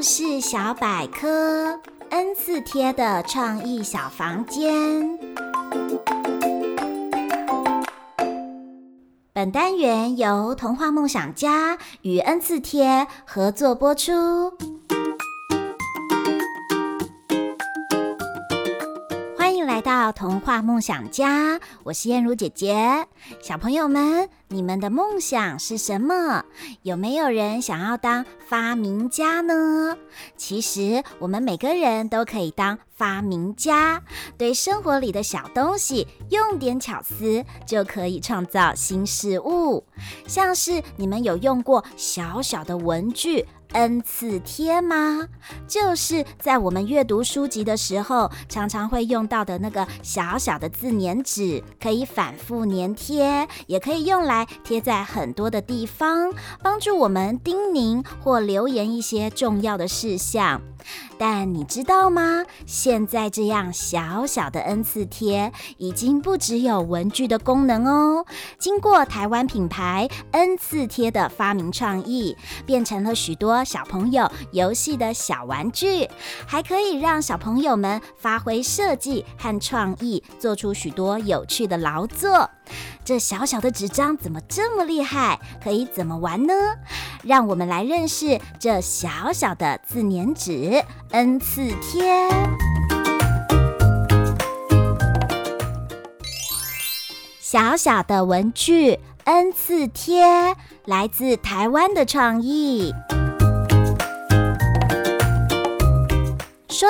故事小百科，N 次貼的創意小房間。本單元由童話夢想家與 N 次貼合作播出。來到童話夢想家，我是燕如姐姐。小朋友們，你們的夢想是什麼？有沒有人想要當發明家呢？其實我們每個人都可以當發明家，對生活裡的小東西用點巧思，就可以創造新事物。像是你們有用過小小的文具 N 次貼嗎？就是在我們閱讀書籍的時候，常常會用到的那個小小的自黏紙，可以反覆粘貼，也可以用來貼在很多的地方，幫助我們叮嚀或留言一些重要的事項。但你知道嗎？現在這樣小小的 N 次貼已經不只有文具的功能哦。經過台灣品牌 N 次貼的發明創意，變成了許多小朋友遊戲的小玩具，還可以讓小朋友們發揮設計和創意，做出許多有趣的勞作。這小小的紙張怎麼這麼厲害？可以怎麼玩呢？讓我們來認識這小小的自粘紙，N 次貼。小小的文具，N 次貼，來自台灣的創意。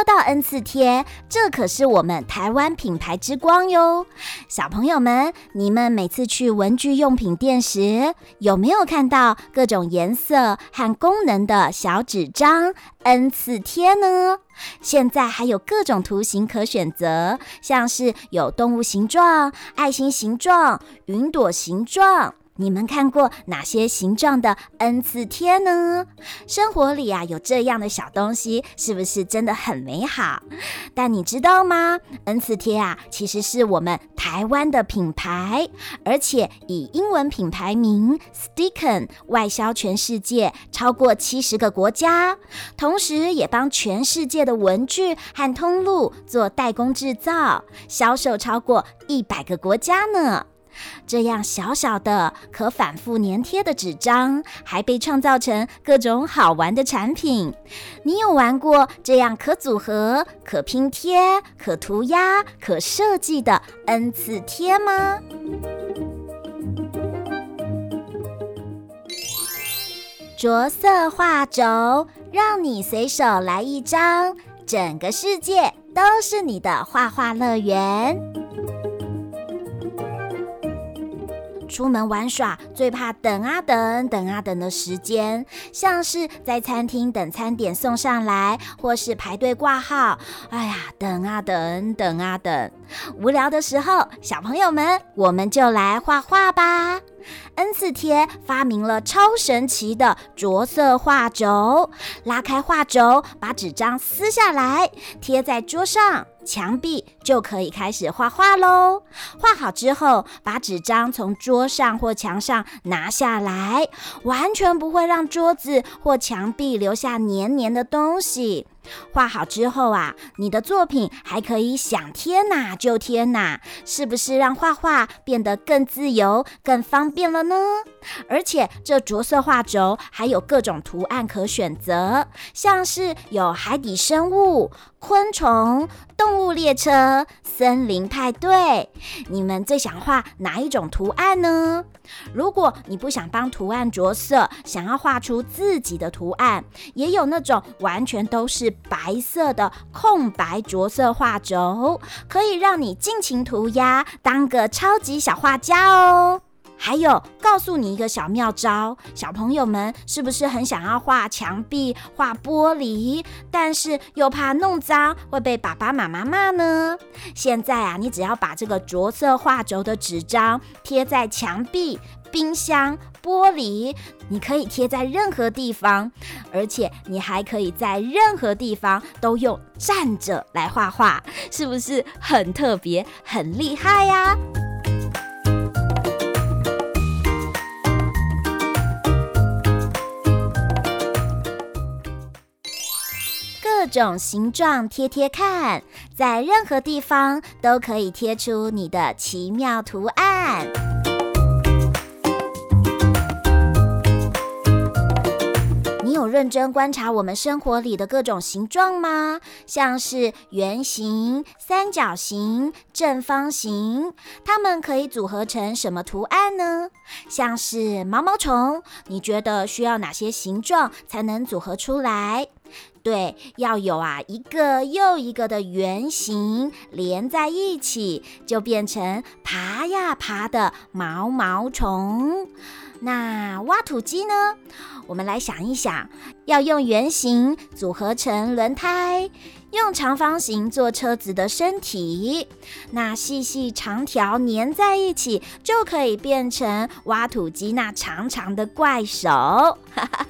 說到 N 次貼，這可是我們台灣品牌之光喲！小朋友們，你們每次去文具用品店時，有沒有看到各種顏色和功能的小紙張 N 次貼呢？現在還有各種圖形可選擇，像是有動物形狀、愛心形狀、雲朵形狀。你們看過哪些形狀的 N 次貼呢？生活裡啊有這樣的小東西，是不是真的很美好？但你知道嗎？N 次貼啊，其實是我們台灣的品牌，而且以英文品牌名 Stick’n 外銷全世界超過七十個國家，同時也幫全世界的文具和通路做代工製造，銷售超過一百個國家呢。這樣小小的可反覆粘貼的紙張，還被創造成各種好玩的產品。你有玩過這樣可組合、可拼貼、可塗鴉、可設計的 N 次貼嗎？着色畫軸讓你隨手來一張，整個世界都是你的畫畫樂園。出門玩耍，最怕等啊等，等啊等的時間，像是在餐廳等餐點送上來，或是排隊掛號。哎呀，等啊等，等啊等。無聊的時候，小朋友們，我們就來畫畫吧。N 次貼發明了超神奇的着色畫軸，拉開畫軸，把紙張撕下來貼在桌上、牆壁，就可以開始畫畫嘍。畫好之後，把紙張從桌上或牆上拿下來，完全不會讓桌子或牆壁留下黏黏的東西。畫好之後啊，你的作品還可以想貼哪就貼哪，是不是讓畫畫變得更自由、更方便了呢？而且這着色畫軸還有各種圖案可選擇，像是有海底生物。昆蟲、動物列車、森林派對，你們最想畫哪一種圖案呢？如果你不想幫圖案着色，想要畫出自己的圖案，也有那種完全都是白色的空白着色畫軸，可以讓你盡情塗鴉，當個超級小畫家哦。還有，告訴你一個小妙招，小朋友們是不是很想要畫牆壁、畫玻璃，但是又怕弄髒會被爸爸媽媽罵呢？現在啊，你只要把這個着色畫軸的紙張貼在牆壁、冰箱、玻璃，你可以貼在任何地方，而且你還可以在任何地方都用站着來畫畫，是不是很特別、很厲害呀、啊？這種形狀貼貼看，在任何地方都可以貼出你的奇妙圖案。你有認真觀察我們生活裡的各種形狀嗎？像是圓形、三角形、正方形，它們可以組合成什麼圖案呢？像是毛毛蟲，你覺得需要哪些形狀才能組合出來？對，要有啊，一個又一個的圓形連在一起，就變成爬呀爬的毛毛蟲。那挖土機呢？我們來想一想，要用圓形組合成輪胎，用長方形做車子的身體，那細細長條粘在一起，就可以變成挖土機那長長的怪手。哈哈。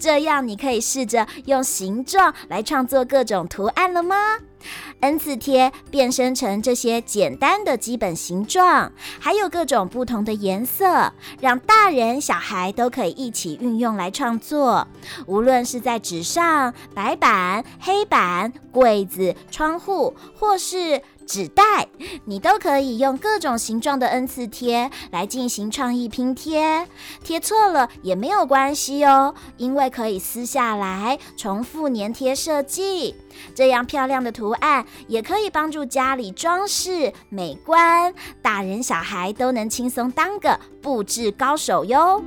這樣，你可以試着用形狀來創作各種圖案了嗎？N 次貼變身成這些簡單的基本形狀，還有各種不同的顏色，讓大人小孩都可以一起運用來創作。無論是在紙上、白板、黑板、櫃子、窗戶，或是……紙袋，你都可以用各種形狀的 N 次貼來進行創意拼貼，貼錯了也沒有關係哦，因為可以撕下來重複粘貼設計。這樣漂亮的圖案也可以幫助家裡裝飾美觀，大人小孩都能輕鬆當個布置高手喲。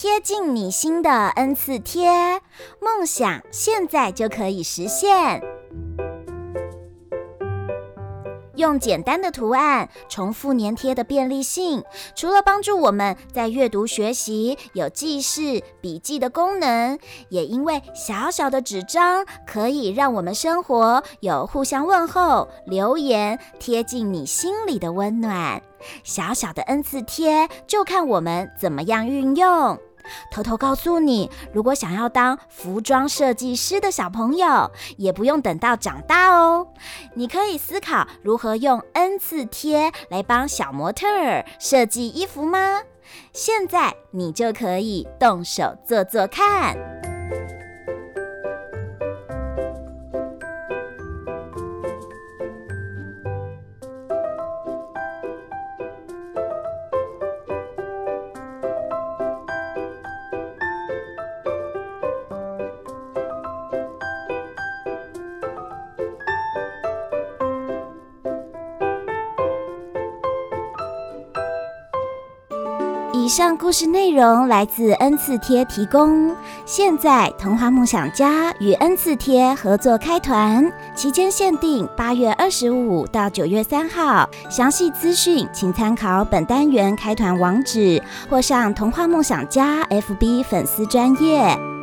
貼近你心的 N 次貼，夢想現在就可以實現。用簡單的圖案重複粘貼的便利性，除了幫助我們在閱讀學習有記事筆記的功能，也因為小小的紙張可以讓我們生活有互相問候、留言、貼近你心裡的溫暖。小小的 N 次貼，就看我們怎麼樣運用。偷偷告訴你，如果想要當服裝設計師的小朋友，也不用等到長大哦。你可以思考如何用 N 次貼來幫小模特兒設計衣服嗎？現在你就可以動手做做看。以上故事內容來自 N 次貼提供。現在童話夢想家與 N 次貼合作開團，期間限定八月二十五到九月三號。詳細資訊請參考本單元開團網址或上童話夢想家 FB 粉絲專頁。